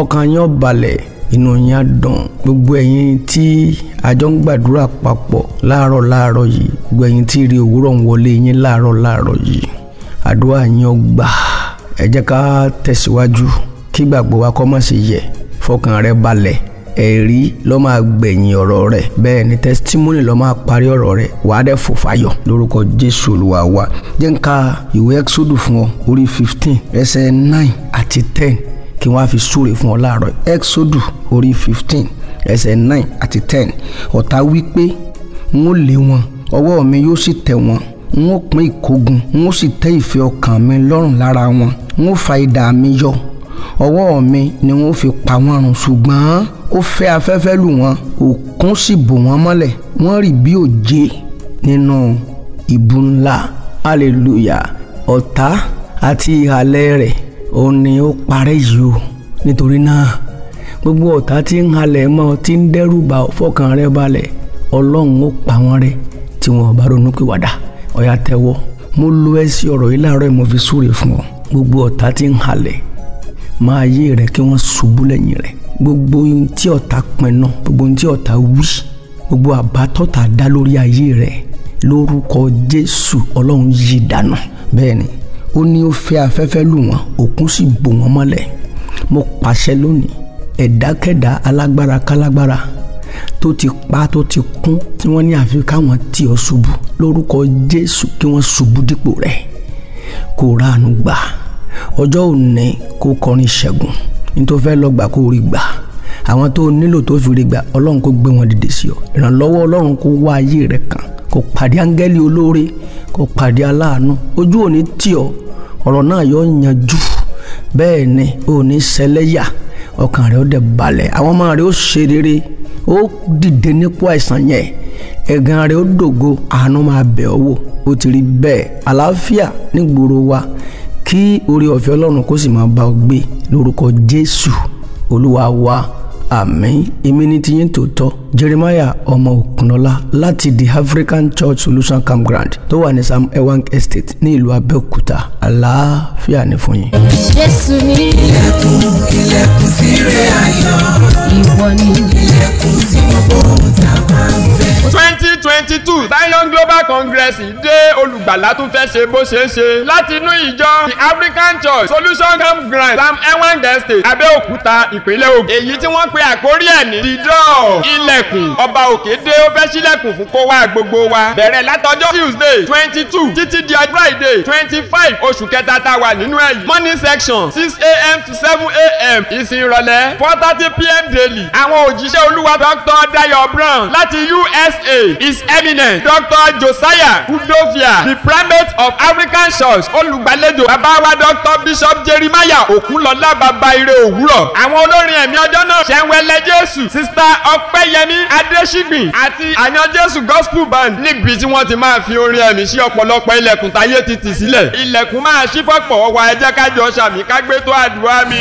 ọkàn yín ó balẹ̀ inú yín á dùn gbogbo ẹ̀yin tí àjọ ń gbàdúrà papọ̀ láàárọ̀ láàárọ̀ yìí gbogbo ẹ̀yin tí rí òwúrọ̀ ń wọlé yín láàárọ̀ láàárọ̀ yìí àdúrà yín gbà ẹ jẹ́ ká tẹ̀síwájú kí gbàgbọ́ wa kọ́ mọ̀ sí yẹ̀ fọkàn rẹ balẹ̀ ẹ̀rí ló máa gbẹ̀yìn ọ̀rọ̀ rẹ bẹ́ẹ̀ ni testimony ló máa parí ọ̀rọ̀ rẹ wàá dẹ̀ fò fayọ̀ lórúkọ jésù olúwa wa jẹ́ ń ka ìwé exodus fún ọ orí fifteen ẹsẹ̀ nine àti ten kí wọ́n á fi súre fún ọ láàárọ̀ exodu orí fifteen ẹsẹ̀ nine àti ten ọ̀tá wípé n ó lé wọn ọwọ́ mi yóò sì tẹ̀ wọ́n n ó pín ìkógun n ó sì tẹ́ ìfẹ́ ọkàn mi lọ́rùn lára wọn n ó fa idà mi yọ ọwọ́ mi ni wọ́n fi pa wọ́n run ṣùgbọ́n ó fẹ́ afẹ́fẹ́ lù wọ́n òkun sì bò wọ́n mọ́lẹ̀ wọ́n rì bí òjé nínú ìbú ńlá hallelujah ọ̀tá àti ìhàlẹ̀ rẹ̀ òun ni ó parẹ́ yìí o nítorí náà gbogbo ọ̀tá tí ń halẹ̀ mọ́ tí ń dẹ́rù bà fọkàn rẹ balẹ̀ ọlọ́run ó pa wọ́n rẹ́ tí wọn ò bá ronú pìwàdà ọ̀yà tẹ́wọ́ mo lo ẹsẹ̀ ọ̀rọ̀ yìí láàárọ̀ mo fi súre fún ọ gbogbo ọ̀tá tí ń halẹ̀ máa yé rẹ kí wọ́n ṣubú lẹ́yìn rẹ gbogbo ohun tí ọ̀tá pinnu gbogbo ohun tí ọ̀tá wí gbogbo àbátọ́ta dá lórí ayé rẹ lórúkọ Jésù ọlọ́run yí dànù bẹ́ẹ̀ ni ó ní ó fẹ́ afẹ́fẹ́ lù wọ́n òkun sì bò wọ́n mọ́lẹ̀ mo pàṣẹ lónìí ẹ̀dákẹ́dá alágbára kálágbára tó ti pa tó ti kún tí wọ́n ní àfi káwọn tì ọ́ ṣubú lórúkọ Jésù kí wọ́n ṣubú dípò rẹ̀ kó ránu gbà ọjọ́ òní kó kọrin ṣẹ́gun nítorí fẹ́ lọ gbà kó rí gbà àwọn tó nílò tó fi rí gbà ọlọ́run kó gbé wọn dìde sí ọ ìrànlọ́wọ́ ọlọ́run kó wá ayé rẹ kàn kó pàdé áńgẹ́lì olóore kó pàdé aláàánú ojú òní tì ọ́ ọ̀rọ̀ náà yóò yanjú bẹ́ẹ̀ ni ò ní ṣẹlẹ́yà ọkàn rẹ̀ ó dẹ̀ balẹ̀ àwọn ọmọ rẹ̀ ó ṣe rere ó dìde nípò àìsàn yẹn ẹ̀gàn rẹ̀ ó dògo àánú máa bẹ̀ ọ́ wò ó ti rí bẹ́ẹ̀ àlàáfíà nígboro wa kí oore ọ̀fẹ́ ọlọ́run kó sì máa bá ọ gbé lórúkọ jésù olúwa wa àmín èmi ní tiyín Jeremiah ọmọ Òkunlọ́lá láti the African Church Solution Campground tó wà ní Sam Ewang Estate ní ìlú Abẹ́òkúta àlàáfíà ní fún yín. Jésù ní ilẹ̀kùn ilẹ̀kùn sí rẹ̀ á. congress dé olùgbàlà tún fẹ́ ṣe bó ṣe é ṣe láti inú ìjọ the african church solution campground sam ewang estate abẹ́òkúta ìpínlẹ̀ Ògùn èyí tí wọ́n pe àkórí ẹ̀ ní the door ilẹ̀kùn ọba òkè dé ó fẹ́ ṣílẹ̀kùn fún kó wá gbogbo wa bẹ̀rẹ̀ látọjọ́ tuesday twenty two títí di friday twenty five oṣù kẹta tá a wà nínú ẹ̀ yìí morning section six a.m. to seven a.m. ìsìn ìrọ̀lẹ́ four thirty p.m. daily àwọn òjíṣẹ́ olúwa dr dayo brown láti usa is eminent dr josiah. Isaiah Udovia the primate of African Church olùgbàlejò bàbá wa Dr Bishop Jeremiah Òkúnlọ́lá bàbá ire òwúrọ̀ àwọn olórin ẹ̀mí ọjọ́ náà ṣẹ̀wẹ̀lẹ̀ Jésù sista Ọpẹ́yẹmí Adéṣígbìn àti àyàn Jésù Gospel Band níbi tí wọ́n ti máa fi orin ẹ̀mí sí ọ̀pọ̀lọpọ̀ ilẹ̀kùn táyé ti tì sílẹ̀ ilẹ̀kùn máa ṣí fọ́pọ̀ wá ẹ jẹ́ ṣàmì ká tó àdúrà mi.